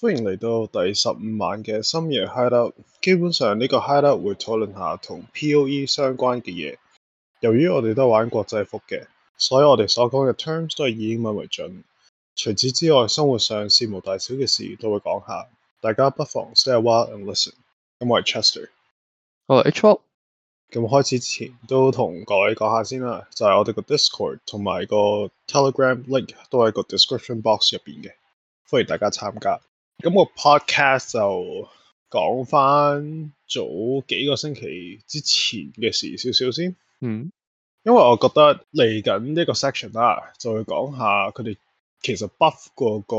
歡迎嚟到第十五晚嘅深夜 hideout 基本上呢個 hideout 會討論下同 POE 相關嘅嘢。由於我哋都玩國際服嘅，所以我哋所講嘅 terms 都係以英文為準。除此之、之外，生活上事無大小嘅事都會講一下，大家不妨 stay a while and listen。咁我係 Chester，好 Hop。咁、oh, 開始之前都同各位講下先啦，就係、是、我哋個 Discord 同埋個 Telegram link 都喺個 description box 入邊嘅，歡迎大家參加。咁個 podcast 就講翻早幾個星期之前嘅事少少先。嗯，因為我覺得嚟緊呢個 section 啦、啊，就會講下佢哋其實 Buff 嗰個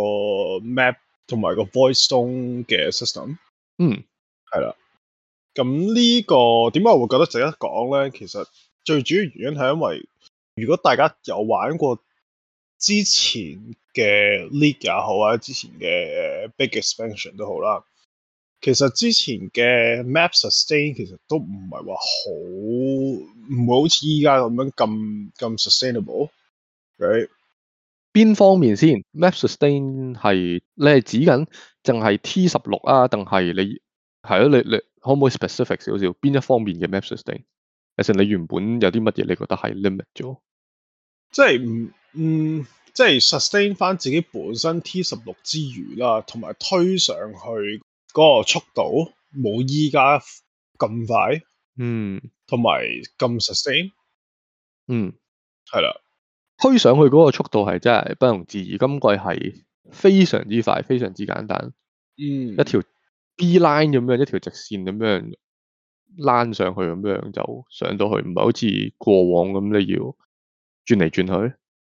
map 同埋個 voidstone 嘅 system。嗯，係啦。咁呢、這個點解我會覺得值得講咧？其實最主要原因係因為如果大家有玩過。之前嘅 league 也好啊，之前嘅 big expansion 都好啦。其實之前嘅 map sustain 其實都唔係話好，唔會好似依家咁樣咁咁 sustainable。誒，邊方面先？map sustain 係你係指緊淨係 T 十六啊，定係你係啊，你你可唔可以 specific 少少？邊一方面嘅 map sustain？其實你原本有啲乜嘢？你覺得係 limit 咗？即係唔？嗯，即係 sustain 翻自己本身 T 十六之餘啦，同埋推上去嗰個速度冇依家咁快，嗯，同埋咁 sustain，嗯，係啦，推上去嗰個速度係真係不容置疑，今季係非常之快，非常之簡單，嗯，一條 B line 咁樣，一條直線咁樣，躝上去咁樣就上到去，唔係好似過往咁你要轉嚟轉去。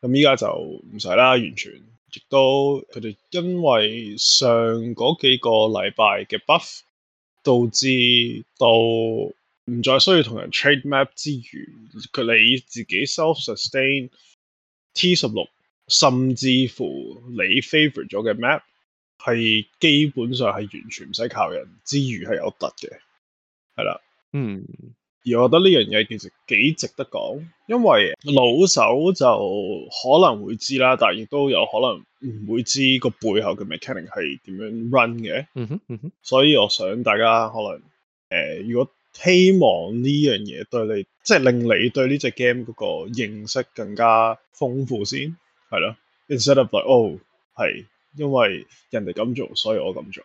咁依家就唔使啦，完全亦都佢哋因為上嗰幾個禮拜嘅 buff，導致到唔再需要同人 trade map 之餘，佢你自己 self sustain T 十六，甚至乎你 favorite 咗嘅 map 係基本上係完全唔使靠人之餘係有得嘅，係啦，嗯。而我覺得呢樣嘢其實幾值得講，因為老手就可能會知啦，但亦都有可能唔會知個背後嘅 mechanic 係點樣 run 嘅。嗯哼，嗯哼。所以我想大家可能誒、呃，如果希望呢樣嘢對你，即係令你對呢隻 game 嗰個認識更加豐富先，係咯。Instead of like oh、哦、係，因為人哋咁做，所以我咁做。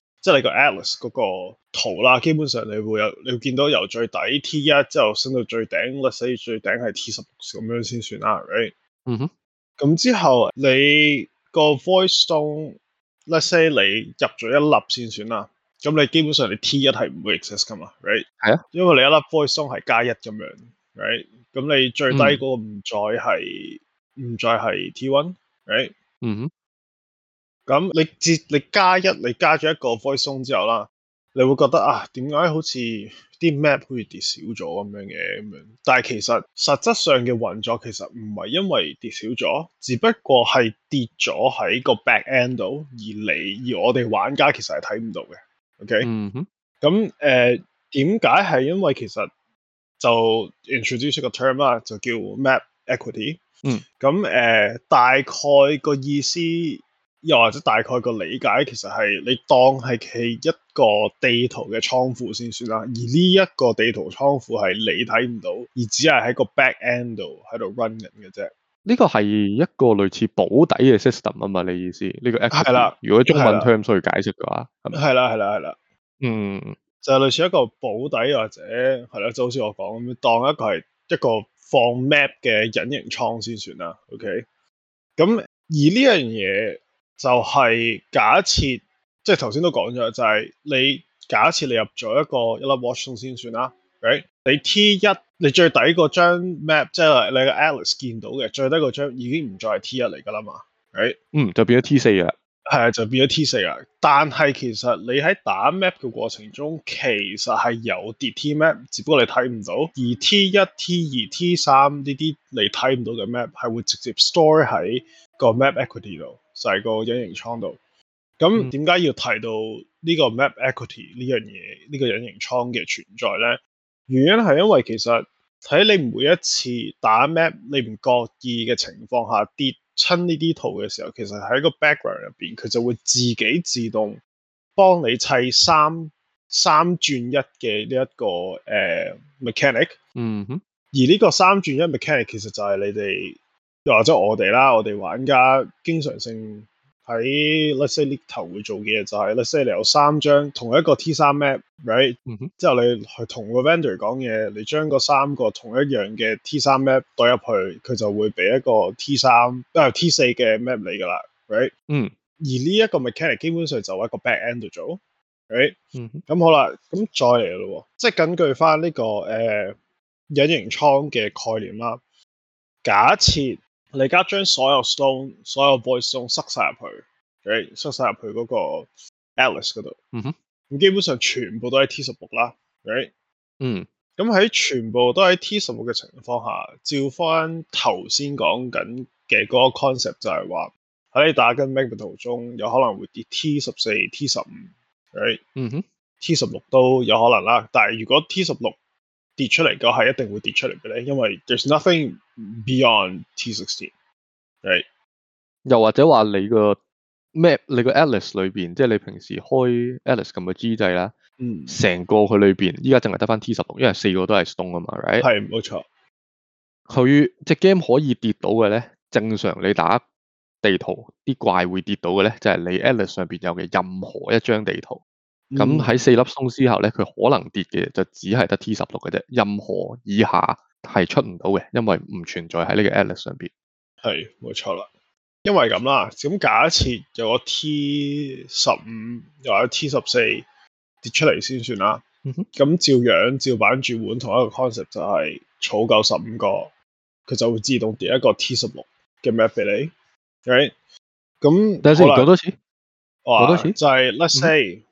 即係你個 Atlas 嗰個圖啦，基本上你會有，你會見到由最底 T 一之後升到最頂，let's say 最頂係 T 十六咁樣先算啦，right？嗯哼。咁之後你個 voidstone，let's say 你入咗一粒先算啦，咁你基本上你 T 一係唔會 exist 噶嘛，right？係啊、mm-hmm.，因為你一粒 voidstone 係加一咁樣，right？咁你最低嗰個唔再係唔、mm-hmm. 再係 T one，right？嗯、mm-hmm. 哼。咁你接你加一，你加咗一個 voidstone 之後啦，你會覺得啊，點解好似啲 map 好似跌少咗咁樣嘅？咁樣，但係其實實質上嘅運作其實唔係因為跌少咗，只不過係跌咗喺個 back end 度，而你而我哋玩家其實係睇唔到嘅。OK，嗯哼，咁誒，點解係因為其實就 introduce 個 term 啦，就叫 map equity。嗯，咁誒、呃，大概個意思。又或者大概個理解，其實係你當係企一個地圖嘅倉庫先算啦，而呢一個地圖倉庫係你睇唔到，而只係喺個 back end 度喺度 running 嘅啫。呢、這個係一個類似保底嘅 system 啊嘛，你意思呢、這個 app 係啦。如果是中文 term 需要解釋嘅話，係啦係啦係啦，嗯，就係類似一個保底或者係啦，就好似我講咁樣，當一個係一個放 map 嘅隱形倉先算啦。OK，咁而呢樣嘢。就係、是、假設，即係頭先都講咗，就係、是、你假設你入咗一個一粒 watch 先算啦。Right? 你 T 一你最底嗰張 map，即係你個 Atlas 見到嘅最底嗰張已經唔再係 T 一嚟噶啦嘛。Right? 嗯，就變咗 T 四啦。係就變咗 T 四啦。但係其實你喺打 map 嘅過程中，其實係有跌 T map，只不過你睇唔到。而 T 一、T 二、T 三呢啲你睇唔到嘅 map 係會直接 store 喺個 map equity 度。就係、是、個隱形倉度，咁點解要提到呢個 Map Equity 呢樣嘢？呢、這個隱形倉嘅存在咧，原因係因為其實喺你每一次打 Map 你唔覺意嘅情況下跌親呢啲圖嘅時候，其實喺個 background 入面，佢就會自己自動幫你砌三三轉一嘅呢一個、uh, mechanic。嗯哼，而呢個三轉一 mechanic 其實就係你哋。又或者我哋啦，我哋玩家經常性喺 Let’s say 呢頭會做嘅嘢就係、是、Let’s say 你有三張同一個 T 三 map，right？之、mm-hmm. 後你去同個 vendor 講嘢，你將個三個同一樣嘅 T 三 map 懟入去，佢就會俾一個 T 三、呃，都係 T 四嘅 map 你噶啦，right？嗯、mm-hmm.。而呢一個 mechanic 基本上就係一個 back end 度做，right？咁、mm-hmm. 好啦，咁再嚟咯，即、就、係、是、根據翻、這、呢個誒、呃、隱形倉嘅概念啦，假設。你而家將所有 stone、所有 voidstone 塞晒入去，誒、right？塞晒入去嗰個 Atlas 嗰度。嗯哼。咁基本上全部都喺 T 十六啦，誒。嗯。咁喺全部都喺 T 十六嘅情況下，照翻頭先講緊嘅嗰個 concept 就係話，喺打緊 Magnate 途中有可能會跌 T 十四、T 十五，誒。嗯哼。T 十六都有可能啦，但係如果 T 十六跌出嚟嘅係一定會跌出嚟嘅咧，因為 there’s nothing beyond T16，right？又或者話你個咩？你個 Atlas 裏邊，即係你平時開 Atlas 咁嘅機制啦，成、嗯、個佢裏邊，依家淨係得翻 T 十六，因為四個都係 stone 啊嘛 r 係，冇、right? 錯。佢隻 game 可以跌到嘅咧，正常你打地圖啲怪會跌到嘅咧，就係、是、你 Atlas 上邊有嘅任何一張地圖。咁、嗯、喺四粒松之後咧，佢可能跌嘅就只係得 T 十六嘅啫。任何以下係出唔到嘅，因為唔存在喺呢個 Atlas 上邊。係冇錯啦，因為咁啦。咁假設有個 T 十五，又有 T 十四跌出嚟先算啦。咁、嗯、照樣照板煮碗同一個 concept 就係儲夠十五個，佢就會自動跌一個 T 十六嘅 map 俾你。係、right? 咁，等先，幾多錢？幾多錢？就係、是、Let's say、嗯。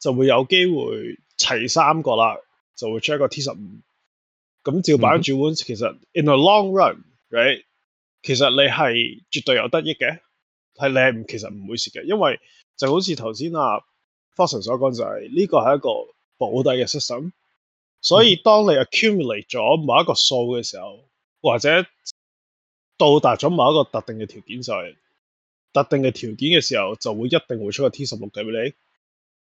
就會有機會齊三個啦，就會出一個 T 十五。咁照板煮碗，其實 in a long run，right, 其實你係絕對有得益嘅，係你其實唔會蝕嘅，因為就好似頭先啊 Foson 所講就係呢個係一個保底嘅 system。所以當你 accumulate 咗某一個數嘅時候，或者到達咗某一個特定嘅條件就係特定嘅條件嘅時候，時候就會一定會出個 T 十六嘅俾你。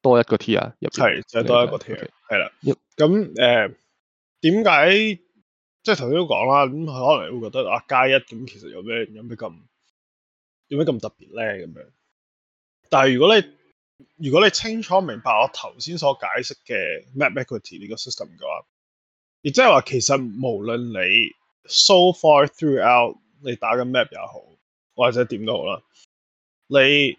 多一個 T 啊，入邊係就係、是、多一個 T，係啦。咁誒點解即係頭先都講啦？咁、okay. yep. 呃就是、佢可能會覺得啊加一咁，其實有咩有咩咁有咩咁特別咧咁樣？但係如果你如果你清楚明白我頭先所解釋嘅 Map Equity 呢個 system 嘅話，亦即係話其實無論你 so far throughout 你打緊 Map 也好，或者點都好啦，你。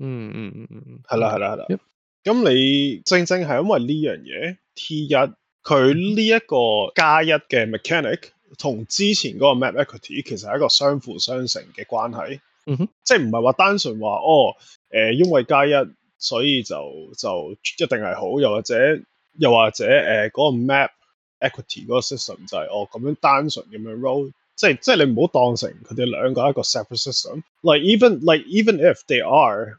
嗯嗯嗯嗯，係啦係啦係啦。咁 你正正係因為呢樣嘢，T 一佢呢一個加一嘅 mechanic，同之前嗰個 map equity 其實係一個相輔相成嘅關係。嗯、哼，即係唔係話單純話哦，誒、呃，因為加一，所以就就一定係好，又或者又或者誒嗰個 map equity 嗰個 system 就係、是、哦咁樣單純咁樣 roll，即係即係你唔好當成佢哋兩個一個 separate system。Like even like even if they are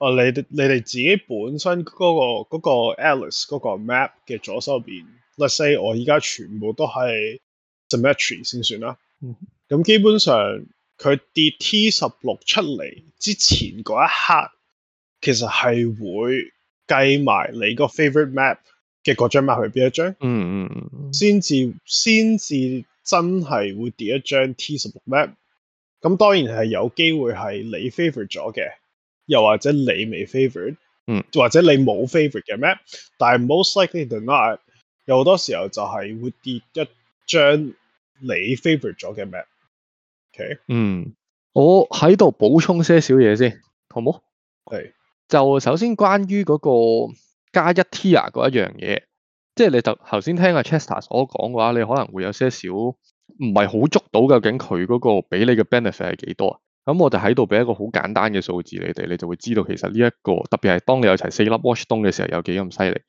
哦，你哋你哋自己本身嗰、嗰個嗰 Atlas 嗰個 map 嘅左手邊，let's say 我依家全部都係 symmetry 先算啦。咁、mm-hmm. 基本上佢跌 T 十六出嚟之前嗰一刻，其實係會計埋你個 favourite map 嘅嗰張 map 係邊一張？嗯嗯嗯。先至先至真係會跌一張 T 十六 map。咁當然係有機會係你 favourite 咗嘅。又或者你未 favourite，嗯，或者你冇 favourite 嘅 map，但係 most likely than not，有好多時候就係會跌一張你 favourite 咗嘅 map。OK，嗯，我喺度補充些少嘢先，好冇好？係，就首先關於嗰個加一 tier 嗰一樣嘢，即係你就頭先聽阿 Chester 所講嘅話，你可能會有些少唔係好捉到究竟佢嗰個俾你嘅 benefit 係幾多啊？咁我就喺度俾一個好簡單嘅數字你哋，你就會知道其實呢、這、一個特別係當你有齊四粒 watchstone 嘅時候有幾咁犀利。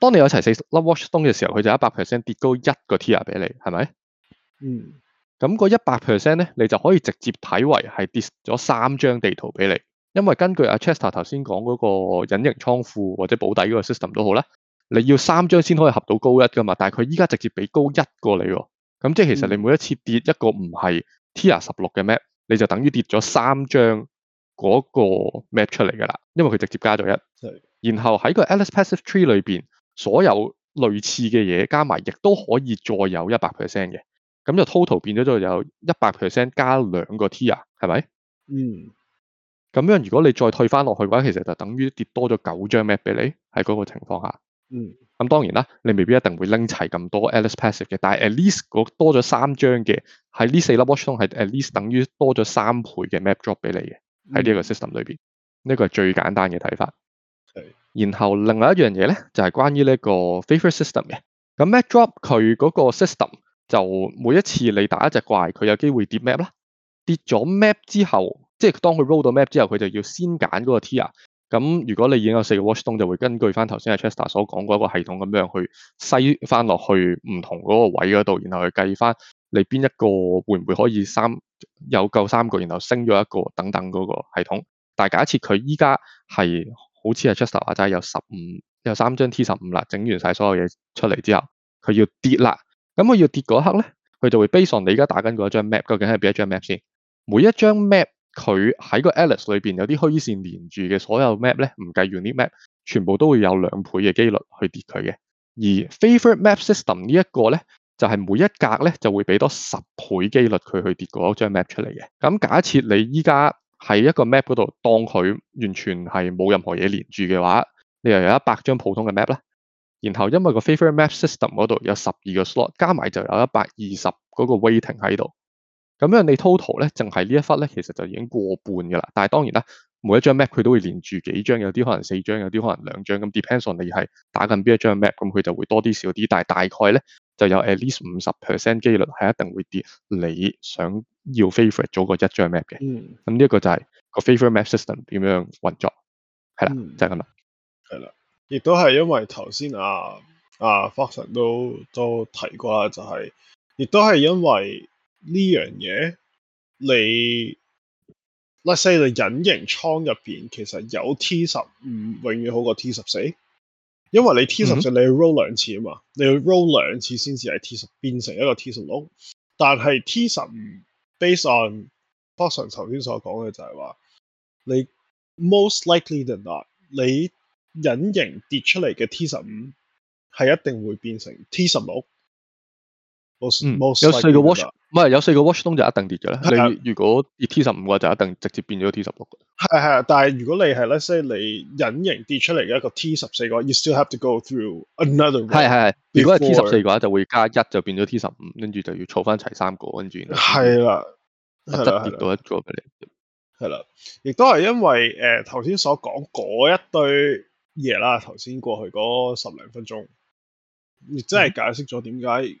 當你有齊四粒 watchstone 嘅時候，佢就一百 percent 跌高一個 tier 俾你，係咪？嗯，咁、那個一百 percent 咧，你就可以直接睇為係跌咗三張地圖俾你，因為根據阿 Chester 頭先講嗰個隱形倉庫或者保底嗰個 system 都好啦，你要三張先可以合到高一噶嘛，但係佢依家直接俾高一個你喎，咁即係其實你每一次跌一個唔係 tier 十六嘅 map。你就等於跌咗三張嗰個 map 出嚟㗎啦，因為佢直接加咗一，然後喺個 Alice Passive Tree 裏面，所有類似嘅嘢加埋，亦都可以再有一百 percent 嘅，咁就 total 變咗就有一百 percent 加兩個 tier 啊，係咪？嗯，咁樣如果你再退翻落去嘅話，其實就等於跌多咗九張 map 俾你喺嗰個情況下。嗯，咁當然啦，你未必一定會拎齊咁多 atlas passive 嘅，但係 at least 多咗三張嘅，喺呢四粒 watchstone 係 at least 等於多咗三倍嘅 map drop 俾你嘅，喺呢個 system 裏邊，呢、嗯這個係最簡單嘅睇法。然後另外一樣嘢咧，就係、是、關於呢個個 favorite system 嘅，咁 map drop 佢嗰個 system 就每一次你打一隻怪，佢有機會跌 map 啦，跌咗 map 之後，即係當佢 roll 到 map 之後，佢就要先揀嗰個 tier 咁如果你已經有四個 watchstone，就會根據翻頭先阿 Chester 所講嗰個系統咁樣去篩翻落去唔同嗰個位嗰度，然後去計翻你邊一個會唔會可以三有夠三個，然後升咗一個等等嗰個系統。但假設佢依家係好似阿 Chester 話齋有十五有三張 T 十五啦，整完晒所有嘢出嚟之後，佢要跌啦。咁佢要跌嗰刻咧，佢就會 base on 你而家打緊嗰一張 map，究竟係邊一張 map 先？每一張 map。佢喺個 Alex 裏邊有啲虛線連住嘅所有 map 咧，唔計 unique map，全部都會有兩倍嘅機率去跌佢嘅。而 favorite map system 呢一個咧，就係每一格咧就會俾多十倍機率佢去跌嗰張 map 出嚟嘅。咁假設你依家喺一個 map 嗰度，當佢完全係冇任何嘢連住嘅話，你又有一百張普通嘅 map 啦，然後因為個 favorite map system 嗰度有十二個 slot，加埋就有一百二十嗰個 weighting 喺度。咁樣你 total 咧，淨係呢一忽咧，其實就已經過半㗎啦。但係當然啦，每一張 map 佢都會連住幾張，有啲可能四張，有啲可能兩張。咁 depends on 你係打緊邊一張 map，咁佢就會多啲少啲。但係大概咧，就有 at least 五十 percent 幾率係一定會跌。你想要 favorite 咗個一張 map 嘅，咁呢一個就係個 favorite map system 點樣運作，係啦、嗯，就係咁啦，係啦。亦都係因為頭先啊啊，Fox 都都提過啦，就係、是、亦都係因為。呢樣嘢，你 let’s say 你隱形倉入邊其實有 T 十五永遠好過 T 十四，因為你 T 十四你 roll 兩次啊嘛，你要 roll 兩次先至係 T 十變成一個 T 十六。但係 T 十五，base on Boxon 頭先所講嘅就係話你 most likely than not 你隱形跌出嚟嘅 T 十五係一定會變成 T 十六。冇、嗯、有四個 watch 唔、right? 係有四個 watch 東就一定跌嘅咧、啊。你如果跌 T 十五嘅話就一定直接變咗 T 十六嘅。係係、啊，但係如果你係咧，即係你隱形跌出嚟嘅一個 T 十四嘅，you still have to go through another、啊。係係，如果係 T 十四嘅話，就會加一就變咗 T 十五，跟住就要儲翻齊三個，跟住。係啦、啊，就跌到一個俾你。係啦、啊，亦都係因為誒頭先所講嗰一堆嘢啦，頭先過去嗰十零分鐘，亦真係解釋咗點解。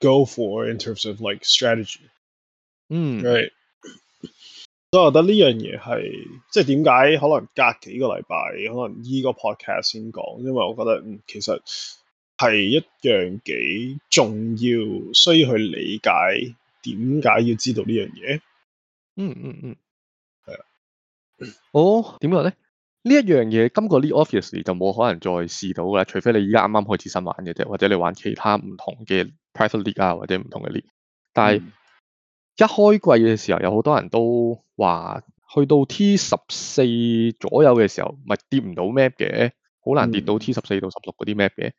Go for in terms of like strategy 嗯。嗯，right。所以我覺得呢樣嘢係即係點解可能隔幾個禮拜，可能依個 podcast 先講，因為我覺得其實係一樣幾重要，需要去理解點解要知道呢樣嘢。嗯嗯嗯，係啊。哦，點講咧？呢一樣嘢今個呢 office 就冇可能再試到㗎，除非你依家啱啱開始新玩嘅啫，或者你玩其他唔同嘅。Private League 啊，或者唔同嘅 League，但係、嗯、一開季嘅時候，有好多人都話，去到 T 十四左右嘅時候，咪跌唔到 map 嘅，好難跌到 T 十四到十六嗰啲 map 嘅，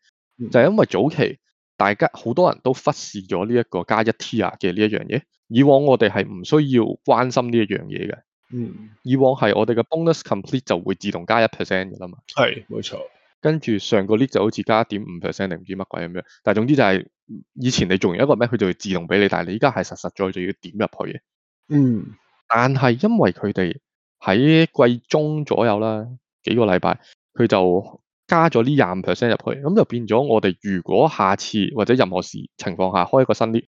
就係、是、因為早期大家好多人都忽視咗呢一個加一 tier 嘅呢一樣嘢。以往我哋係唔需要關心呢一樣嘢嘅，嗯，以往係我哋嘅 bonus complete 就會自動加一 percent 嘅啦嘛，係冇錯。跟住上個 lift 就好似加一點五 percent 定唔知乜鬼咁樣，但係總之就係以前你做完一個咩，佢就會自動俾你，但係你依家係實實在在要點入去嘅。嗯，但係因為佢哋喺季中左右啦幾個禮拜，佢就加咗呢廿五 percent 入去，咁就變咗我哋如果下次或者任何時情況下開一個新 lift，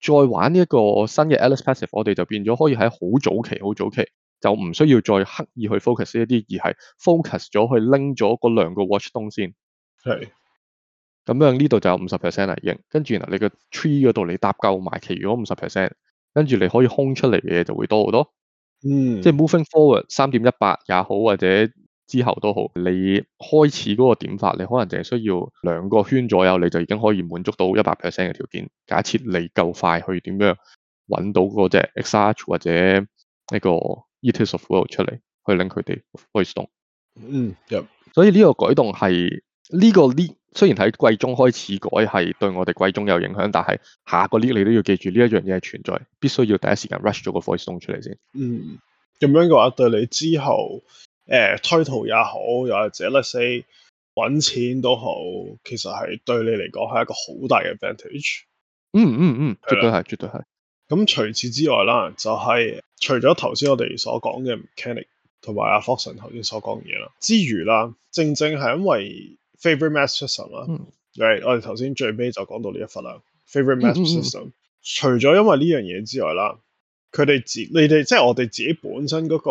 再玩呢一個新嘅 Atlas passive，我哋就變咗可以喺好早期好早期。很早期。就唔需要再刻意去 focus 一啲，而係 focus 咗去拎咗嗰兩個 watchstone 先。係，咁樣呢度就有五十 percent 啦，已經跟住嗱，你個 tree 嗰度，你搭夠埋，其餘嗰五十 percent，跟住你可以空出嚟嘅嘢就會多好多。嗯，即係 moving forward，三點一八也好，或者之後都好，你開始嗰個點法，你可能淨係需要兩個圈左右，你就已經可以滿足到一百 percent 嘅條件。假設你夠快去點樣搵到嗰隻 exarch 或者呢個。e t i s o f o i 出嚟去拎佢哋 voidstone 嗯，所以呢個改動係呢、這個 league，雖然喺季中開始改係對我哋季中有影響，但係下個 league 你都要記住呢一樣嘢係存在，必須要第一時間 rush 咗個 voidstone 出嚟先。嗯，咁樣嘅話對你之後誒、呃、推圖也好，又或者，let's say 揾錢都好，其實係對你嚟講係一個好大嘅 advantage。嗯嗯嗯，嗯，絕對係，絕對係。咁除此之外啦，就係、是、除咗頭先我哋所講嘅 Mechanic 同埋阿 Faction 頭先所講嘅嘢啦，之餘啦，正正係因為 Favorite Map System 啦、嗯 right? 我哋頭先最尾就講到呢一忽啦、嗯、，Favorite Map System，、嗯嗯、除咗因為呢樣嘢之外啦，佢哋自你哋即係我哋自己本身嗰個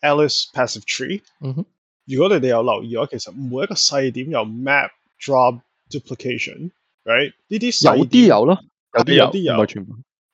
Atlas Passive Tree，、嗯嗯、如果你哋有留意嘅話，其實每一個細點有 Map Drop Duplication，right，呢啲有啲有咯，有啲有，有，唔係，全部。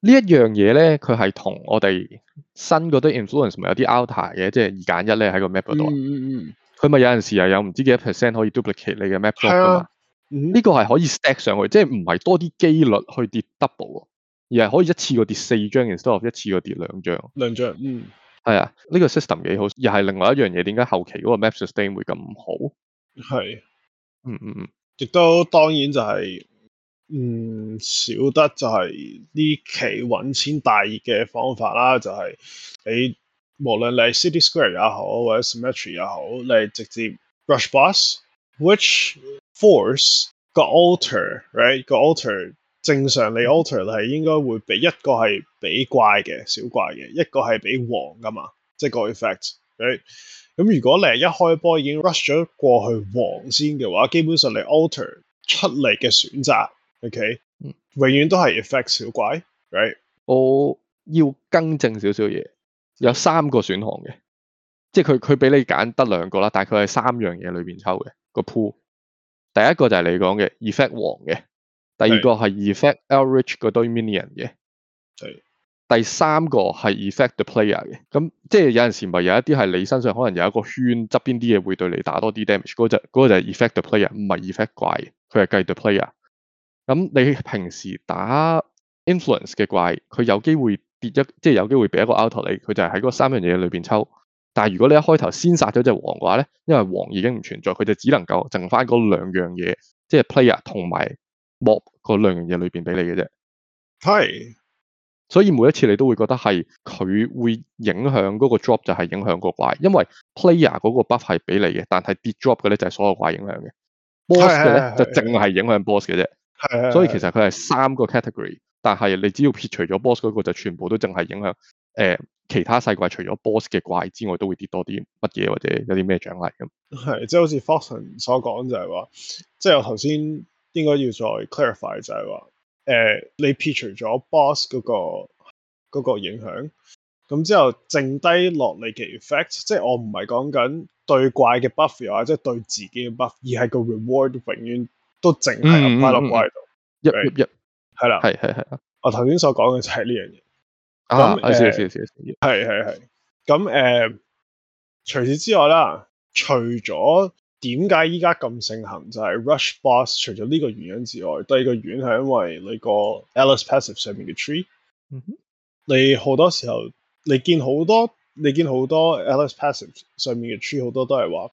呢一樣嘢咧，佢係同我哋新嗰啲 influence 咪有啲 outer 嘅，即係二揀一咧喺個 map 度。嗯嗯，佢咪、嗯、有陣時又有唔知幾多 percent 可以 duplicate 你嘅 map 咁啊？係、嗯、啊。呢、呢個係可以 stack 上去，即係唔係多啲機率去跌 double，而係可以一次過跌四張，instead of 一次過跌兩張。兩張，嗯。係啊，呢、呢個 system 幾好，又係另外一樣嘢。點解後期嗰個 map sustain 會咁好？係，嗯嗯嗯，亦都當然就係、是。嗯，少得就係呢期搵錢大熱嘅方法啦，就係你無論你 City Square 也好，或者 Cemetery 也好，你直接 rush boss，which force 個 alter right，個 alter 正常你 alter 係應該會俾一個係俾怪嘅小怪嘅，一個係俾黃噶嘛，即係個 effect，right？咁如果你一開波已經 rush 咗過去黃先嘅話，基本上你 alter 出嚟嘅選擇。o、okay, k 永遠都係 effect 小怪，right？我要更正少少嘢，有三個選項嘅，即係佢佢俾你揀得兩個啦，但係佢係三樣嘢裏邊抽嘅個 pool。第一個就係你講嘅 effect 黃嘅，第二個係 effect Eldritch 嗰 o minion 嘅，第三個係 effect the player 嘅。咁即係有陣時咪有一啲係你身上可能有一個圈，側邊啲嘢會對你打多啲 damage。嗰隻嗰個就係 effect the player，唔係 effect 怪嘅，佢係計 the player。咁、嗯、你平時打 influence 嘅怪，佢有機會跌一，即係有機會俾一個 out 你，佢就係喺嗰三樣嘢裏邊抽。但係如果你一開頭先殺咗隻王嘅話咧，因為王已經唔存在，佢就只能夠剩翻嗰兩樣嘢，即係 player 同埋 mob 嗰兩樣嘢裏邊俾你嘅啫。係，所以每一次你都會覺得係佢會影響嗰個 drop 就係影響個怪，因為 player 嗰個 buff 係俾你嘅，但係跌 drop 嘅咧就係所有怪影響嘅，boss 嘅咧就淨係影響 boss 嘅啫。係，所以其實佢係三個 category，但係你只要撇除咗 boss 嗰、那個，就全部都淨係影響誒、呃、其他細怪，除咗 boss 嘅怪之外，都會跌多啲乜嘢或者有啲咩獎勵咁。係，即係好似 Fortune 所講就係、是、話，即係我頭先應該要再 clarify 就係、是、話，誒、呃、你撇除咗 boss 嗰、那個那個影響，咁之後剩低落嚟嘅 effect，即係我唔係講緊對怪嘅 buff，又或者對自己嘅 buff，而係個 reward 永遠。都淨係咁立落喺度，一一係啦，係係係啊！我頭先所講嘅就係呢樣嘢啊！啊是是是，係係係。咁、啊、誒，除此之外啦，除咗點解依家咁盛行，就係、是、rush boss 除咗呢個原因之外，第二個原因係因為你個 Atlas passive 上面嘅 tree，、嗯、你好多時候你見好多，你見好多 Atlas passive 上面嘅 tree 好多都係話。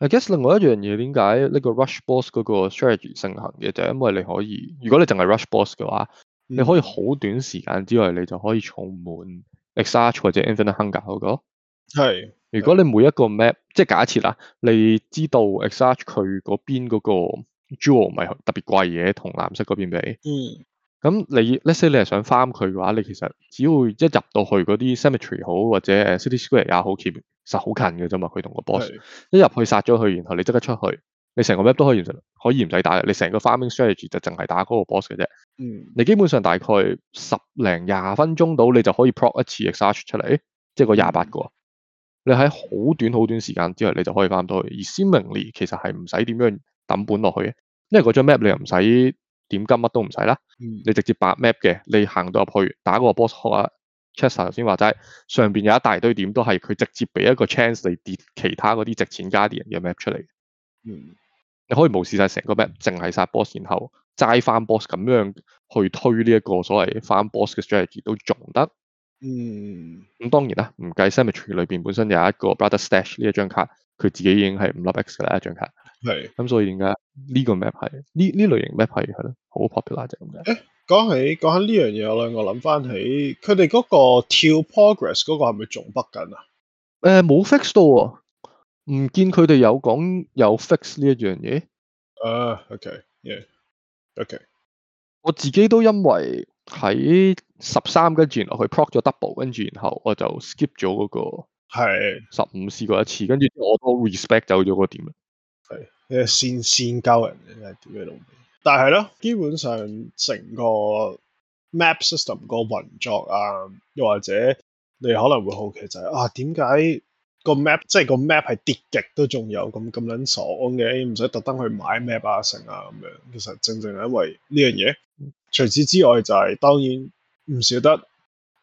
I guess 另外一樣嘢，點解呢個 rush boss 嗰個 strategy 盛行嘅，就係、是、因為你可以，如果你淨係 rush boss 嘅話、嗯，你可以好短時間之內，你就可以儲滿 exarch 或者 infinite hunger 嗰個。係，如果你每一個 map，即係假設啦，你知道 exarch 佢嗰邊嗰個 draw 唔係特別貴嘅，同藍色嗰邊比。嗯。咁你，let's say 你係想 farm 佢嘅話，你其實只要一入到去嗰啲 cemetery 好，或者 city square 也好，keep 實好近嘅啫嘛。佢同個 boss 一入去殺咗佢，然後你即刻出去，你成個 map 都可以完成，可以唔使打。你成個 farming strategy 就淨係打嗰個 boss 嘅啫。嗯、你基本上大概十零廿分鐘到，你就可以 proc 一次 Exarch 出嚟，即係廿八個。嗯、你喺好短好短時間之後，你就可以翻到去。而 simonly 其實係唔使點樣抌本落去，因為嗰張 map 你又唔使。點金乜都唔使啦，你直接白 map 嘅，你行到入去打個 boss 嘅 Chester 頭先話齋，上邊有一大堆點都係佢直接俾一個 chance 嚟跌其他嗰啲值錢加點嘅 map 出嚟。嗯，你可以無視晒成個 map，淨係殺 boss，然後齋翻 boss 咁樣去推呢一個所謂翻 boss 嘅 strategy 都仲得。嗯，咁當然啦，唔計 Symmetry 裏邊本身有一個 Brother Stash 呢一張卡，佢自己已經係五粒 X 嘅啦一張卡。係，咁、嗯、所以這點解呢個 map 呢呢類型 map 係咯，好 popular 就咁樣。誒、欸，講起講起呢樣嘢，我兩個諗翻起，佢哋嗰個跳 progress 嗰個係咪仲 bug 緊啊？誒、呃，冇 fix 到喎、哦，唔見佢哋有講有 fix 呢一樣嘢。誒、uh,，OK，yeah，OK、okay, okay.。我自己都因為喺十三跟住落去 prog 咗 double，跟住然後我就 skip 咗嗰個。係。十五試過一次，跟住我都 respec 走咗個點。係，你係先先教人係點樣用，但係咧，基本上成個 map system 個運作啊，又或者你可能會好奇就係啊，點解個 map 即係個 map 係跌極都仲有咁咁撚爽嘅，唔使特登去買 map 啊成啊咁樣，其實正正係因為呢樣嘢。除此之外就係當然唔少得。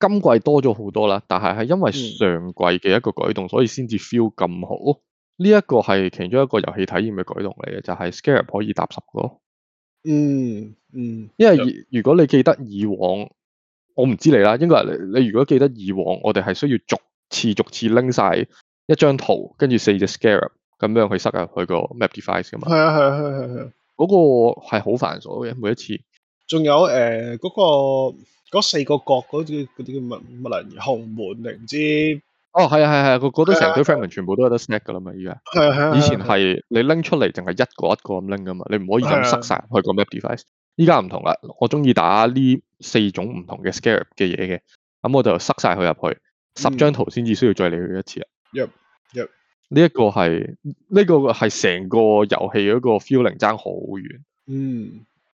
今季多咗好多啦，但係係因為上季嘅一個改動，嗯、所以先至 feel 咁好。呢、這、一個係其中一個遊戲體驗嘅改動嚟嘅，就係、是、scarab 可以搭十個。嗯嗯，因為、嗯、如果你記得以往，我唔知你啦，應該你你如果記得以往，我哋係需要逐次逐次拎晒一張圖，跟住四隻 scarab 咁樣去塞入佢個 map device 噶嘛。係啊係啊係係係。嗰、嗯嗯那個係好繁瑣嘅，每一次。仲有誒嗰、呃那個。嗰四個角嗰啲啲叫乜乜嚟？紅門定唔知道？哦，係啊係啊，個個都成堆 friend 全部都有得 snack 噶啦嘛，依家。係以前係你拎出嚟淨係一個一個咁拎噶嘛，你唔可以咁塞晒入去個 map device。依家唔同啦，我中意打呢四種唔同嘅 scarab 嘅嘢嘅，咁我就塞晒佢入去，十張圖先至需要再理佢一次啊。呢一個係，嗯嗯嗯，呢個係成個遊戲嗰個 feeling 爭好遠。嗯。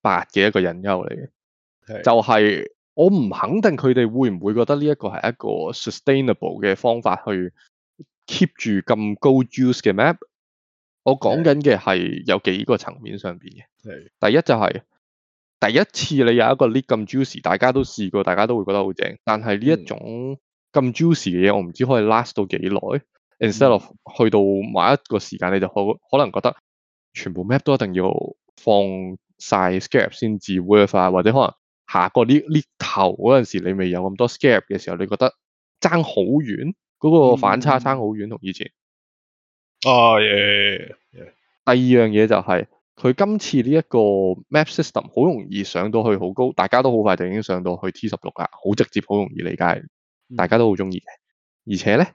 八嘅一個隱憂嚟嘅，就係、是、我唔肯定佢哋會唔會覺得呢一個係一個 sustainable 嘅方法去 keep 住咁高 juice 嘅 map。我講緊嘅係有幾個層面上邊嘅。係第一就係、是、第一次你有一個 lead 咁 juicy，大家都試過，大家都會覺得好正。但係呢一種咁 juicy 嘅嘢，我唔知可以 last 到幾耐、嗯。Instead of 去到某一個時間，你就好可能覺得全部 map 都一定要放。晒 Scarab 先至 work 啊，或者可能下個呢呢頭嗰陣時你未有咁多 Scarab 嘅時候，你覺得爭好遠，嗰、那個反差差好遠同以前。哦、嗯嗯嗯嗯、第二樣嘢就係、是、佢今次呢一個 map system 好容易上到去好高，大家都好快就已經上到去 T 十六啦，好直接，好容易理解，大家都好中意嘅。而且咧，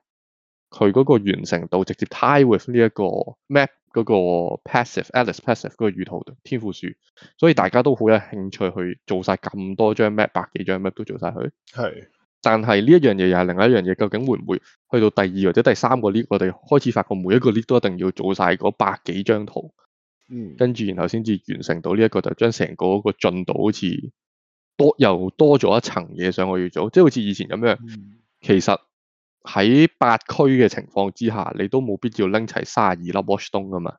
佢嗰個完成度直接 tie with 呢一個 map。嗰、那個 passive，Alice passive 嗰 passive，個輿圖天賦樹，所以大家都好有興趣去做曬咁多張 map，百幾張 map 都做曬佢。但係呢一樣嘢又係另外一樣嘢，究竟會唔會去到第二或者第三個 lift？我哋開始發覺每一個 lift 都一定要做曬嗰百幾張圖。嗯、跟住然後先至完成到呢、這、一個，就將成個個進度好似多又多咗一層嘢上我要做，即係好似以前咁樣、嗯。其實。喺八區嘅情況之下，你都冇必要拎齊三十二粒 Watchstone 噶嘛？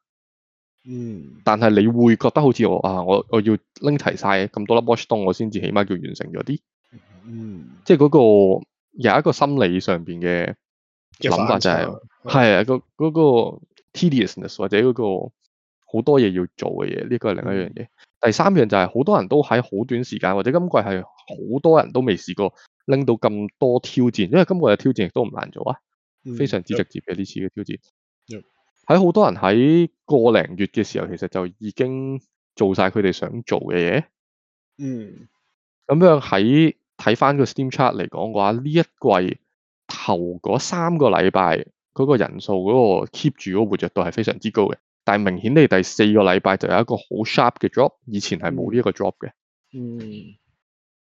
嗯。但係你會覺得好似我啊，我我要拎齊晒咁多粒 Watchstone，我先至起碼要完成咗啲。嗯。即係嗰、那個有一個心理上邊嘅諗法就係、是，係啊，嗯那個嗰個 tediousness 或者嗰個好多嘢要做嘅嘢，呢個係另一樣嘢。第三樣就係、是、好多人都喺好短時間或者今季係好多人都未試過。拎到咁多挑戰，因為今個嘅挑戰亦都唔難做啊、嗯，非常之直接嘅呢、嗯、次嘅挑戰。喺、嗯、好多人喺個零月嘅時候，其實就已經做晒佢哋想做嘅嘢。嗯。咁樣喺睇返個 Steam Chart 嚟講嘅話，呢一季頭嗰三個禮拜嗰個人數嗰個 keep 住嗰活躍度係非常之高嘅，但明顯地第四個禮拜就有一個好 sharp 嘅 drop，以前係冇呢個個 drop 嘅。嗯。嗯。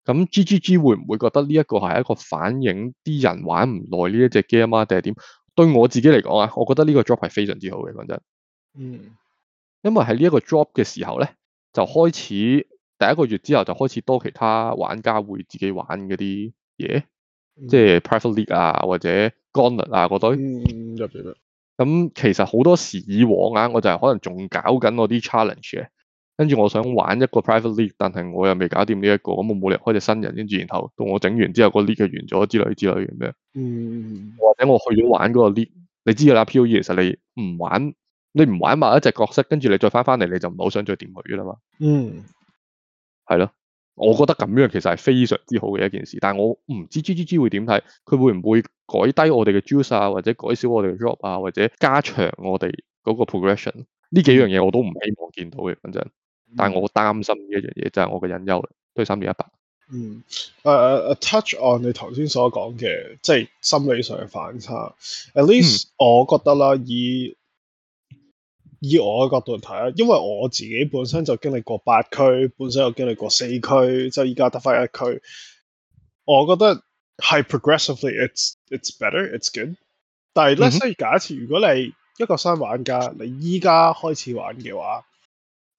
咁 G G G 會唔會覺得呢一個係一個反映啲人玩唔耐呢一隻 game 啊？定係點？對我自己嚟講啊，我覺得呢個 drop 係非常之好嘅，講真。嗯。因為喺呢一個 drop 嘅時候咧，就開始第一個月之後就開始多其他玩家會自己玩嗰啲嘢，即係 private league 啊或者 Gauntlet 啊嗰堆。唔入咗啦。咁、嗯嗯嗯、其實好多時以往啊，我就可能仲搞緊我啲 challenge 嘅。跟住我想玩一個 private league，但係我又未搞掂呢一個，咁我冇理由開隻新人。跟住然後到我整完之後、個 league 就完咗之類之類咁樣、嗯，或者我去咗玩嗰個 league，你知道啦，P.O.E 其實你唔玩你唔玩埋一隻角色，跟住你再翻翻嚟，你就唔係好想再掂佢啦嘛。嗯，係咯，我覺得咁樣其實係非常之好嘅一件事，但係我唔知 G.G.G 會點睇，佢會唔會改低我哋嘅 juice 啊，或者改少我哋嘅 drop 啊，或者加長我哋嗰個 progression 呢幾樣嘢我都唔希望見到嘅。反正。但係我擔心嘅一樣嘢就係我嘅隱憂，對三二一八。嗯，誒誒，touch on 你頭先所講嘅，即、就、係、係、心理上嘅反差。At least，、嗯、我覺得啦，以以我嘅角度睇啦，因為我自己本身就經歷過八區，本身又經歷過四區，就依家得翻一區。我覺得係 progressively，it's it's, it's better，it's good 但。但係都所以假設，如果你一個新玩家，你依家開始玩嘅話。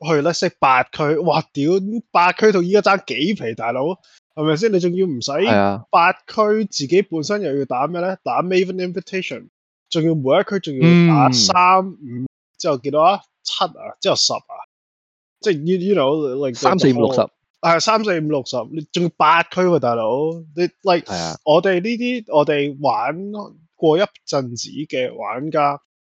去咧識八區，哇屌！八區到依家爭幾皮大佬，係咪先？你仲要唔使八區自己本身又要打咩咧？打 Maven Invitation，仲要每一區仲要打三、嗯、五之後幾多啊？七啊，之後十啊，即係你你 know 三四五六十，係三四五六十，你仲要八區喎，大佬，你 like 我哋呢啲我哋玩過一陣子嘅玩家。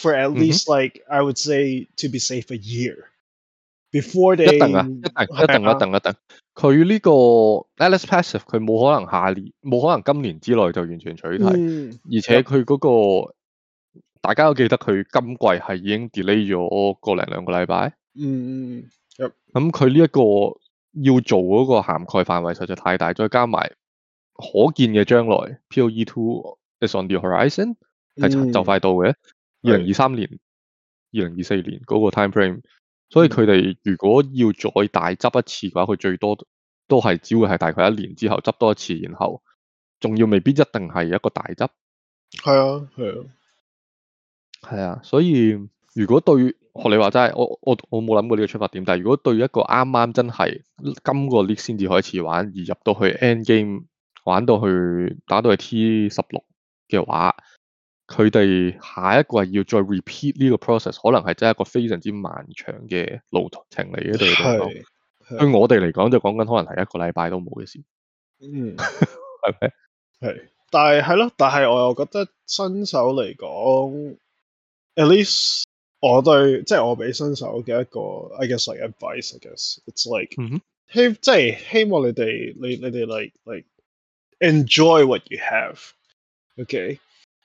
for at least like、嗯、I would say to be safe a year before they, 一、啊。一等啊！一等一等一等一等。佢呢個 Atlas passive 佢冇可能下年，冇可能今年之內就完全取替、嗯，而且佢嗰、那個、嗯、大家都記得佢今季係已經 delay 咗個零兩個禮拜。嗯嗯。咁佢呢一個要做嗰個涵蓋範圍實在太大，再加埋可見嘅將來 POE two is on the horizon，嗯、係就快到嘅。二零二三年、二零二四年嗰個 time frame，所以佢哋如果要再大執一次嘅話，佢最多都係只會係大概一年之後執多一次，然後仲要未必一定係一個大執。係啊，係啊，係啊，所以如果對學你話齋，我我我冇諗過呢個出發點，但係如果對一個啱啱真係今個 league 先至開始玩，而入到去 end game 玩到去打到係 T 十六嘅話，佢哋下一個係要再 repeat 呢個 process，可能係真係一個非常之漫長嘅路程嚟嘅。對我哋嚟講，就講緊可能係一個禮拜都冇嘅事。嗯，係， 係，但係係咯，但係我又覺得新手嚟講，at least 我對即係、就是、我俾新手嘅一個，I guess like advice，I guess it's like 希即係希望你哋你你哋 like like enjoy what you have，ok、okay？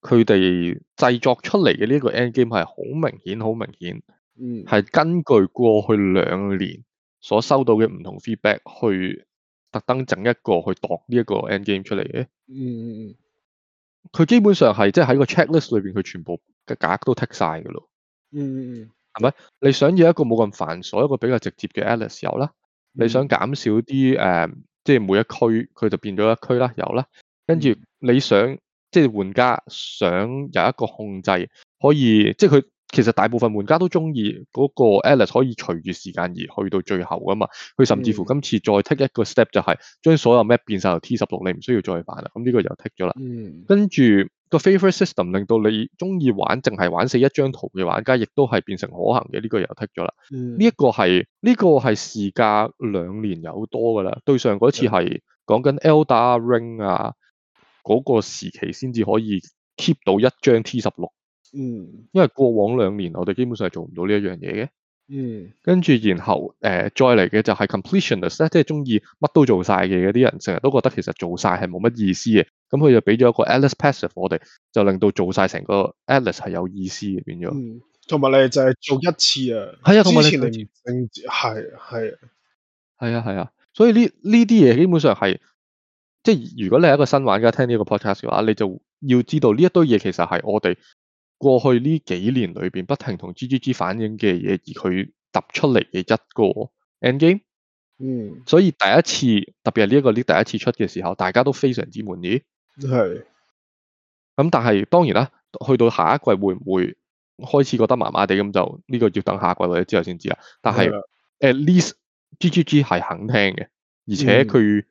佢哋製作出嚟嘅呢一個 end game 係好明顯，好明顯，嗯，係根據過去兩年所收到嘅唔同 feedback 去特登整一個去度呢一個 end game 出嚟嘅。嗯嗯嗯，佢基本上係即係喺個 checklist 裏邊，佢全部嘅格、格都剔晒噶咯。嗯嗯嗯，係咪？你想要一個冇咁繁瑣，一個比較直接嘅 Atlas 有啦。你想減少啲誒、呃，即係每一區佢就變咗一區啦，有啦。跟住你想。即係玩家想有一個控制，可以即係，佢其實大部分玩家都中意嗰個 Atlas 可以隨住時間而去到最後噶嘛。佢甚至乎今次再剔一個 step 就係將所有 map 變晒 T 十六，你唔需要再玩啦。咁呢個又剔咗啦。嗯。跟住個 favorite system 令到你中意玩淨係玩死一張圖嘅玩家，亦都係變成可行嘅。呢、這個又剔咗啦。呢、嗯、一個係呢、這個係時隔兩年有多噶啦。對上嗰次係講緊 Elden Ring 啊。嗰、那個時期先至可以 keep 到一張 T 十六，嗯，因為過往兩年我哋基本上係做唔到呢一樣嘢嘅，嗯，跟住然後誒、呃、再嚟嘅就係 completionist 咧，即係中意乜都做晒嘅嗰啲人，成日都覺得其實做晒係冇乜意思嘅，咁佢就俾咗一個 Atlas passive，我哋就令到做晒成個 Atlas 係有意思嘅變咗，同、嗯、埋你就係做一次啊，係啊你，之前零零係係係啊係啊，啊，啊，啊，所以呢呢啲嘢基本上係。即係如果你係一個新玩家聽呢一個 podcast 嘅話，你就要知道呢一堆嘢其實係我哋過去呢幾年裏邊不停同 G G G 反映嘅嘢，而佢突出嚟嘅一個 endgame。嗯。所以第一次特別係呢一個呢第一次出嘅時候，大家都非常之滿意。係。咁、嗯、但係當然啦，去到下一季會唔會開始覺得麻麻地，咁就呢個要等下一季或者之後先知啦。但係 at least G G G 係肯聽嘅，而且佢、嗯。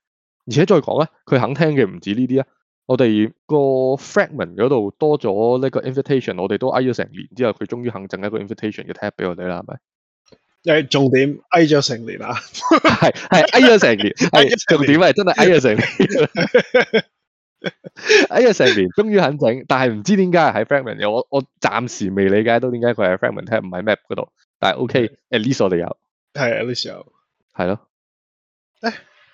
而且再講咧，佢肯聽嘅唔止呢啲啊！我哋個 fragment 嗰度多咗呢個 invitation，我哋都挨咗成年之後，佢終於肯整一個 invitation 嘅 tab 俾我哋啦，係咪？又重點挨咗成年啊！係係挨咗成年，重點係真係挨咗成年,年， 挨咗成年, 年, 年，終於肯整，但係唔知點解喺 fragment，我我暫時未理解到點解佢喺 fragment tab 唔喺 map 嗰度，但係 OK，at least 我哋有係 at least 有係咯。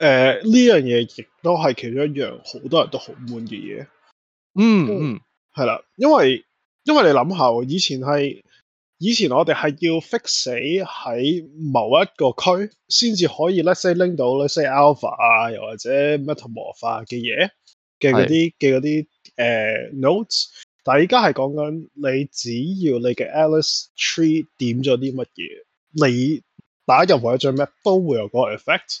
誒、呃，呢樣嘢亦都係其中一樣好多人都好唔滿意嘅嘢。嗯，係、嗯、啦，因為因為你諗下，以前係以前我哋係要 fix 死喺某一個區，先至可以 let say link 到 let say alpha 啊，又或者 metamorph 嘅嘢嘅嗰啲嘅嗰啲誒、呃、notes。但係而家係講緊你只要你嘅 Atlas tree 點咗啲乜嘢，你打任何一張 map 都會有嗰個 effect。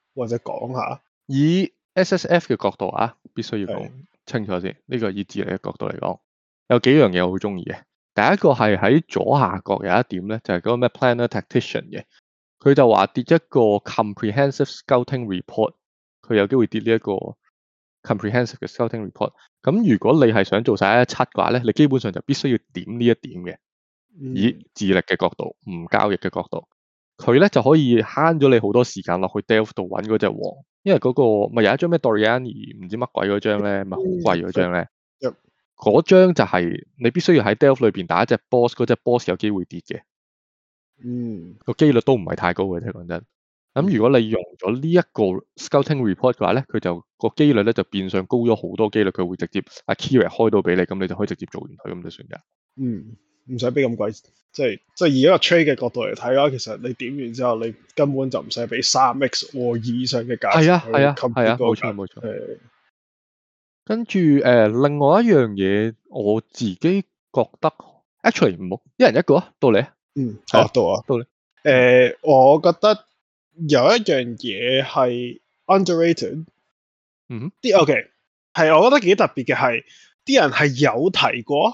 或者講下，以 SSF 嘅角度啊，必須要講清楚先。呢個以智力嘅角度嚟講，有幾樣嘢我好中意嘅。第一個係喺左下角有一點咧，就係、是、嗰個咩 planner tactician 嘅。佢就話跌一個 comprehensive scouting report，佢有機會跌呢一個 comprehensive 嘅 scouting report。咁如果你係想做晒一七測卦咧，你基本上就必須要點呢一點嘅，嗯，以智力嘅角度，唔交易嘅角度。佢咧就可以慳咗你好多時間落去 Delft 度揾嗰隻王，因為嗰、嗰個咪有一張咩 Doriani 唔知乜鬼嗰張咧，咪、嗯、好貴嗰張咧。一、嗯、嗰張就係你必須要喺 Delft 裏邊打一隻 boss，嗰隻 boss 有機會跌嘅。嗯。個機率都唔係太高嘅，真講真。咁如果你用咗呢一個 scouting report 嘅話咧，佢就、個機率咧就變相高咗好多機率，佢會直接阿 Kira 開到俾你，咁你就可以直接做完佢咁就算㗎。嗯。唔使俾咁貴，即係即係以一個 trade 嘅角度嚟睇啦。其實你點完之後，你根本就唔使俾三 x 或以上嘅價。係啊係啊，冇錯冇錯。那個、錯跟住誒、呃，另外一樣嘢，我自己覺得 actually 唔好，一人一個啊，到你。嗯，啊，到啊，到你。誒、呃，我覺得有一樣嘢係 underrated。嗯，啲 OK 係，我覺得幾特別嘅係，啲人係有提過。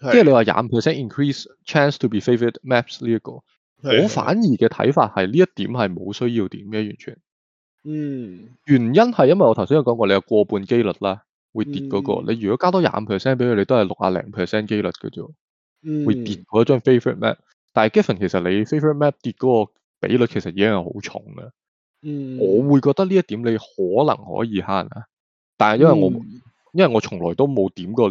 即係你話廿五 percent increase chance to be favorite maps 呢一個，我反而嘅睇法係呢一點係冇需要點嘅完全。嗯，原因係因為我頭先有講過，你有過半機率啦，會跌嗰個，你如果加多廿五 percent 俾佢，你都係六啊零 percent 機率嘅啫。嗯，會跌嗰張 favorite map，但係 given 其實你 favorite map 跌嗰個比率其實已經係好重啦。嗯，我會覺得呢一點你可能可以慳，但係因為我因為我從來都冇點過。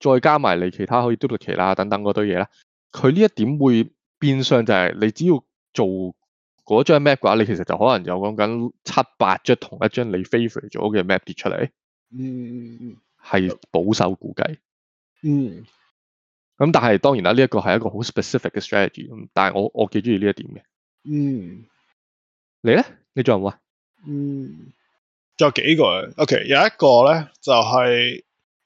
再加埋你其他可以 duplicate 啦，等等嗰堆嘢咧，佢呢一點會變相就係你只要做嗰張 map 嘅話，你其實就可能有講緊七八張同一張你 favorite 咗嘅 map 跌出嚟。嗯嗯，係保守估計。嗯。咁但係當然啦，呢一個係一個好 specific 嘅 strategy，但係我我幾中意呢一點嘅。嗯。你咧？你仲有冇啊？嗯。仲有幾個啊？OK，有一個咧就係、是。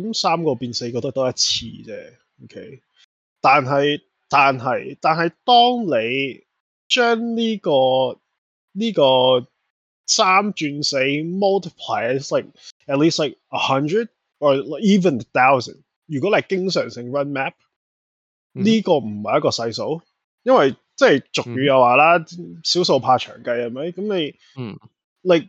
咁三個變四個都係多一次啫，OK？但係但係但係，當你將呢個呢個三轉四 multiply，like at least like a hundred or even thousand，如果你係經常性 run map，呢個唔係一個細數，因為即係俗語又話啦，小數怕長計係咪？咁你嗯，你。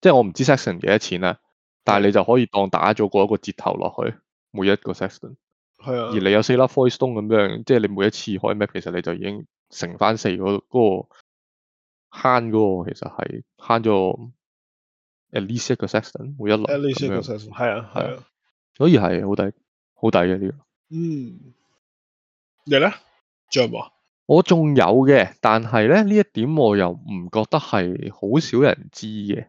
即係我唔知道 section 幾多錢啦，但係你就可以當打咗個一個折頭落去每一個 section。係啊。而你有四粒 voidstone 咁樣，即係你每一次開咩，其實你就已經乘翻四嗰個慳嗰、嗰個，其實係慳咗 at least 一個 section 每一輪。at least 一個 section 係啊，係啊，所以係好抵好抵嘅呢個。嗯，你咧將冇啊？我仲有嘅，但係咧呢這一點我又唔覺得係好少人知嘅。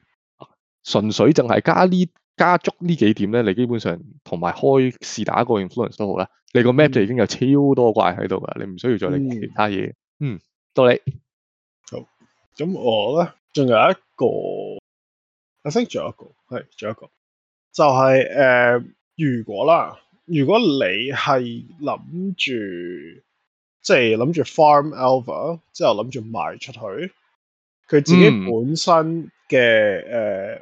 純粹淨係加呢加足呢幾點咧，你基本上同埋開試打個 influence 都好啦，你個 map 就已經有超多怪喺度噶，你唔需要再理其他嘢、嗯。嗯，到你。好，咁我咧仲有一個，I think 仲有一個係，仲有一個就係、是、誒、呃，如果啦，如果你係諗住即係諗住 farm over 之後諗住賣出去，佢自己本身嘅誒。嗯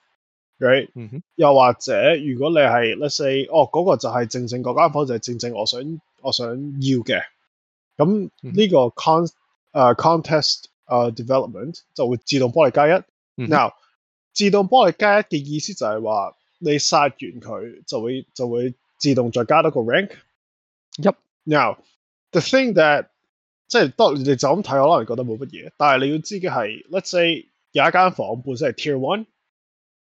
Right? Mm-hmm. 又或者如果你係 let's say 哦，嗰、嗰個就係正正嗰間房，就係、係、正正我想我想要嘅，咁呢個 contest development 就會自動幫你加一。Mm-hmm. now 自動幫你加一嘅意思就係話你殺完佢就會就會自動再加多一個 rank。yep。now the thing that 即係當你哋就咁睇，我可能覺得冇乜嘢，但係你要知嘅係 let's say 有一間房本身係 tier one。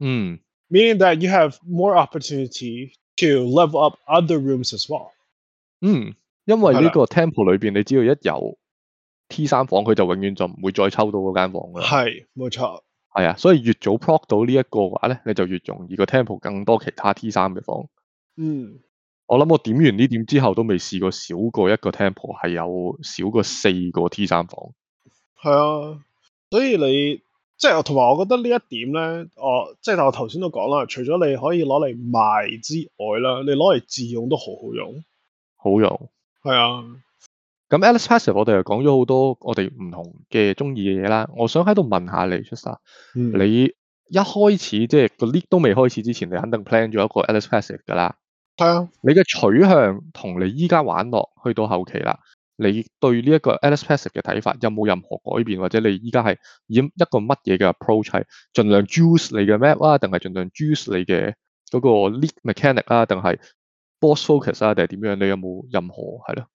嗯、mm.，meaning that you have more opportunity to level up other rooms as well。嗯，因為呢個 temple 裏邊，你只要一有 T 三房，佢就永遠就唔會再抽到嗰間房噶啦。係，冇錯。係啊，所以越早 proc 到呢一個嘅話咧，你就越容易個 temple 更多其他 T 三嘅房。嗯、mm.，我諗我點完呢點之後都未試過少過一個 temple 係有少過四個 T 三房。係啊，所以你。即係同埋，我覺得呢一點咧，哦、即我即係我頭先都講啦，除咗你可以攞嚟賣之外啦，你攞嚟自用都好好用，好用。係啊，咁 Atlas Passive 我哋又講咗好多我哋唔同嘅中意嘅嘢啦。我想喺度問下你出 u、嗯、你一開始即係個 League 都未開始之前，你肯定 plan 咗一個 Atlas Passive 噶啦。係啊，你嘅取向同你依家玩落去，去到後期啦。你對呢一個 Atlas passive 嘅睇法有冇任何改變？或者你依家係以一個乜嘢嘅 approach 係盡量 juice 你嘅 map 啦，定係盡量 juice 你嘅嗰個 lead mechanic 啊，定係 boss focus 啊，定係點樣？你有冇任何係咯？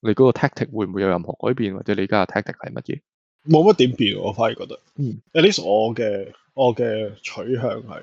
你嗰個 tactic 會唔會有任何改變？或者你而家嘅 tactic 係乜嘢？冇乜點變，我反而覺得，嗯，at least 我嘅我嘅取向係。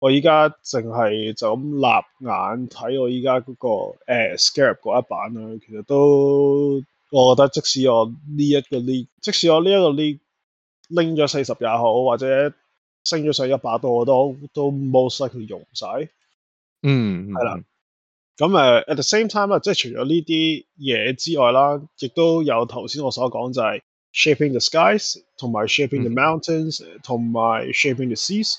我依家淨係就咁立眼睇我依家嗰個誒 Scarab 嗰一版啦，其實都我覺得即使我呢一個 League，即使我呢一個 League 拎咗四十也好，或者升咗上一百度，我都都 most likely 用唔晒，嗯、mm-hmm.，係啦。咁誒，at the same time 啦，即係除咗呢啲嘢之外啦，亦都有頭先我所講就係 shaping the skies，同埋 shaping the mountains，同、mm-hmm. 埋 shaping the seas。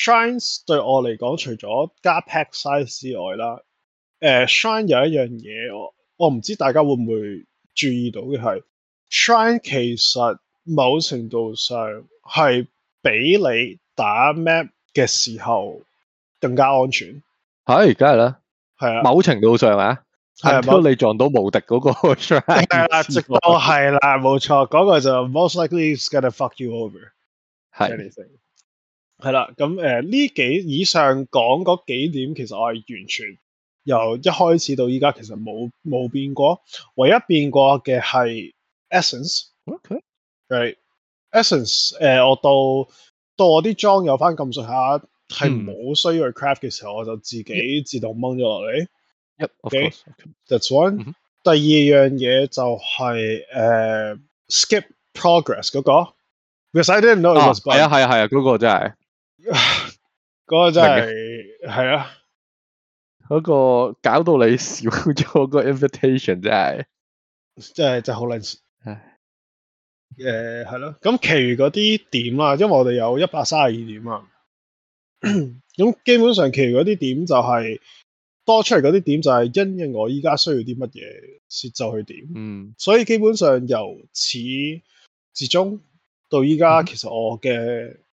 Shrines 對我嚟講，除咗加 pack size 之外啦，誒、呃、shrine 有一樣嘢，我我唔知大家會唔會注意到嘅係，shrine 其實某程度上係俾你打 map 嘅時候更加安全。嚇、hey，梗係啦，係啊，某程度上係啊，係啊，如果你撞到無敵嗰個 shrine，係 啦、啊，直頭係啦，冇、啊、錯，嗰個就 most likely gonna fuck you over、啊、anything。係啦，咁誒呢幾以上講嗰幾點，其實我係完全由一開始到依家，其實冇冇變過。唯一變過嘅係 essence。Okay，right?essence。誒，我到到我啲裝有翻咁上下，係冇需要去 craft 嘅時候，我就自己自動掹咗落嚟。okay，that's one。第二樣嘢就係誒 skip progress 嗰個，because I didn't know it was bad。係啊係啊係啊，嗰個真係。嗰、那個真係，係啊，嗰、那個搞到你少咗，那個 invitation 真係，真係真可能唉，誒係咯，咁、啊、其餘嗰啲點啊，因為我哋有一百三十二點啊，咁 基本上其餘嗰啲點就係、是、多出嚟嗰啲點就係因應我依家需要啲乜嘢說就去點，嗯，所以基本上由始至終到依家，嗯，其實我嘅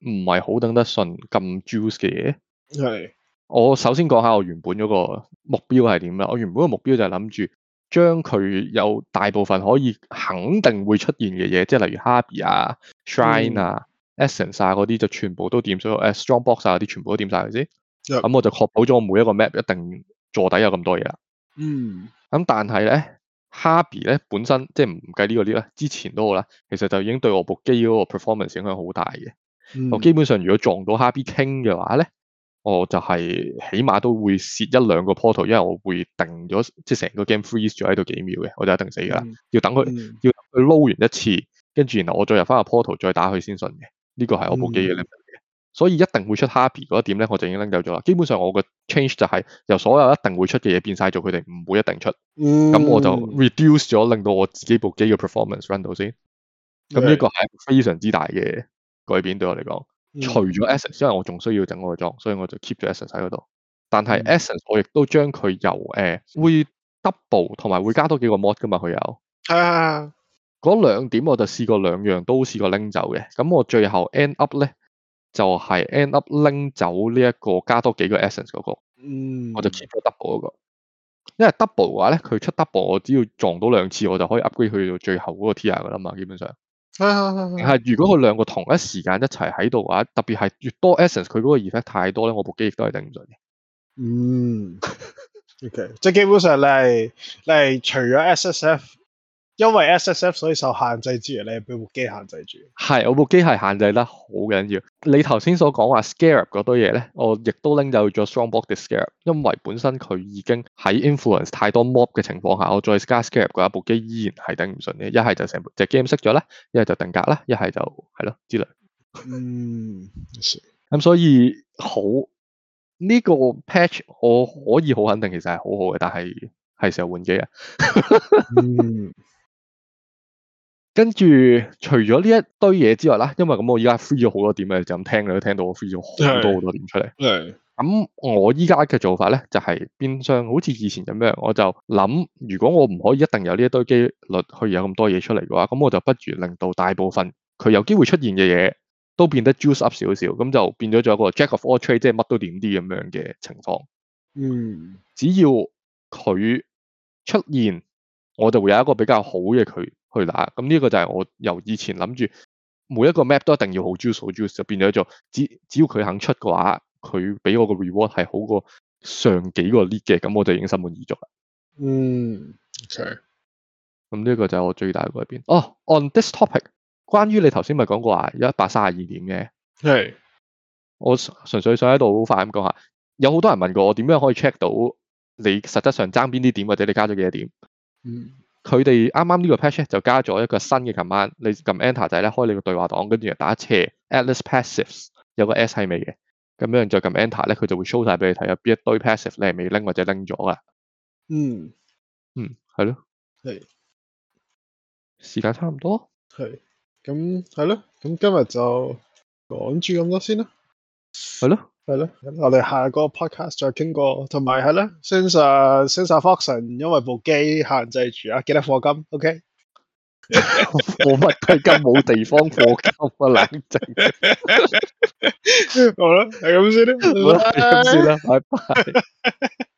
唔係好等得順咁 juice 嘅嘢，係我首先講下我原本嗰個目標係點啦。我原本嘅目標就係諗住將佢有大部分可以肯定會出現嘅嘢，即係例如 Harvey 啊、Shrine 啊、嗯、Essence 啊嗰啲，就全部都掂咗。誒、啊、，Strongbox 啊啲全部都掂晒，佢先。咁、嗯、我就確保咗我每一個 map 一定坐底有咁多嘢啦。嗯呢，咁但係咧 Harvey 咧本身即係唔計呢個啲啦，之前都好啦，其實就已經對我部機嗰個 performance 影響好大嘅。嗯、我基本上如果撞到 Happy King 嘅話咧，我就係起碼都會蝕一兩個 portal，因為我會定咗即係成個 game freeze 咗喺度幾秒嘅，我就一定死噶啦、嗯。要等佢、嗯、要等佢撈完一次，跟住然後我再入翻個 portal 再打佢先信嘅。呢、呢個係我部機嘅 limit 嘅，所以一定會出 Happy 嗰一點咧，我就已經拎走咗啦。基本上我嘅 change 就係、是、由所有一定會出嘅嘢變晒做佢哋唔會一定出，咁、嗯、我就 reduce 咗令到我自己部機嘅 performance run 到先。咁、嗯、呢個係非常之大嘅。改變對我嚟講、嗯，除咗 essence 之外，因為我仲需要整個裝，所以我就 keep 咗 essence 喺嗰度。但係 essence、嗯、我亦都將佢由誒、欸、會 double 同埋會加多幾個 mod 噶嘛，佢有係啊。嗰兩點我就試過兩樣都試過拎走嘅。咁我最後 end up 咧就係、是、end up 拎走呢一個加多幾個 essence 嗰、嗯那個。嗯，我就 keep 咗 double 嗰、那個，因為 double 嘅話咧，佢出 double 我只要撞到兩次，我就可以 upgrade 佢去到最後嗰個 tier 噶啦嘛，基本上。係係係係，如果佢兩個同一時間一齊喺度嘅話，特別係越多 essence，佢嗰個 effect 太多咧，我部機亦都係頂唔順嘅。嗯，ok， 即係基本上你你係除咗 SSF。因為 SSF 所以受限制之餘，你部機限制住。係我部機係限制得好緊要。你頭先所講話 Scarab 嗰堆嘢咧，我亦都拎走咗 Strongbox 嘅 Scarab 因為本身佢已經喺 influence 太多 mob 嘅情況下，我再加 Scarab，嗰一部機依然係頂唔順嘅。一係就成部隻 game 熄咗啦，一係就定格啦，一係就係咯之類。嗯，咁、 嗯、所以好呢、這個 patch 我可以好肯定，其實係好好嘅，但係係時候換機啊。 嗯跟住，除咗呢一堆嘢之外啦，因為咁我依家 free 咗好多點咧，就咁聽你都聽到我 free 咗好多好多好多點出嚟。係。咁我依家嘅做法咧，就係、係、變相好似以前咁樣，我就諗，如果我唔可以一定有呢一堆機率去有咁多嘢出嚟嘅話，咁我就不如令到大部分佢有機會出現嘅嘢都變得 juice up 少少，咁就變咗做一個 jack of all trade，即係乜都掂啲咁樣嘅情況。嗯。只要佢出現，我就會有一個比較好嘅佢。去啦，咁呢個就係我由以前諗住每一個 map 都一定要好 juice 好 juice，就變咗做只只要佢肯出嘅話，佢俾我個 reward 係好過上幾個 lead 嘅，咁我就已經心滿意足啦。嗯，OK，咁呢個就係我最大嘅改變。哦、oh，on this topic，關於你頭先咪講過話有一百三十二點嘅，係、hey. 我純粹想喺度好快咁講下，有好多人問過我點樣可以 check 到你實質上爭邊啲點或者你加咗幾多點。嗯。佢哋啱啱呢個 patch 咧就加咗一個新嘅 command，你撳 enter 就係咧開你個對話檔，跟住打斜 Atlas passive 有個 S 喺尾嘅，咁樣就撳 enter 咧，佢就會 show 晒俾你睇有邊一堆 passive 你係未拎或者拎咗噶。嗯嗯，係咯。係。時間差唔多。係。咁係咯，咁今日就講住咁多先啦。係咯。係咯，我哋下個 podcast 再傾過，同埋係啦 since since Foxon 因為部機限制住啊，幾多課金？O K，我乜金，冇、okay? 地方課金啊，冷靜。 好啦，係咁先啦，好啦，係咁先啦， 拜拜。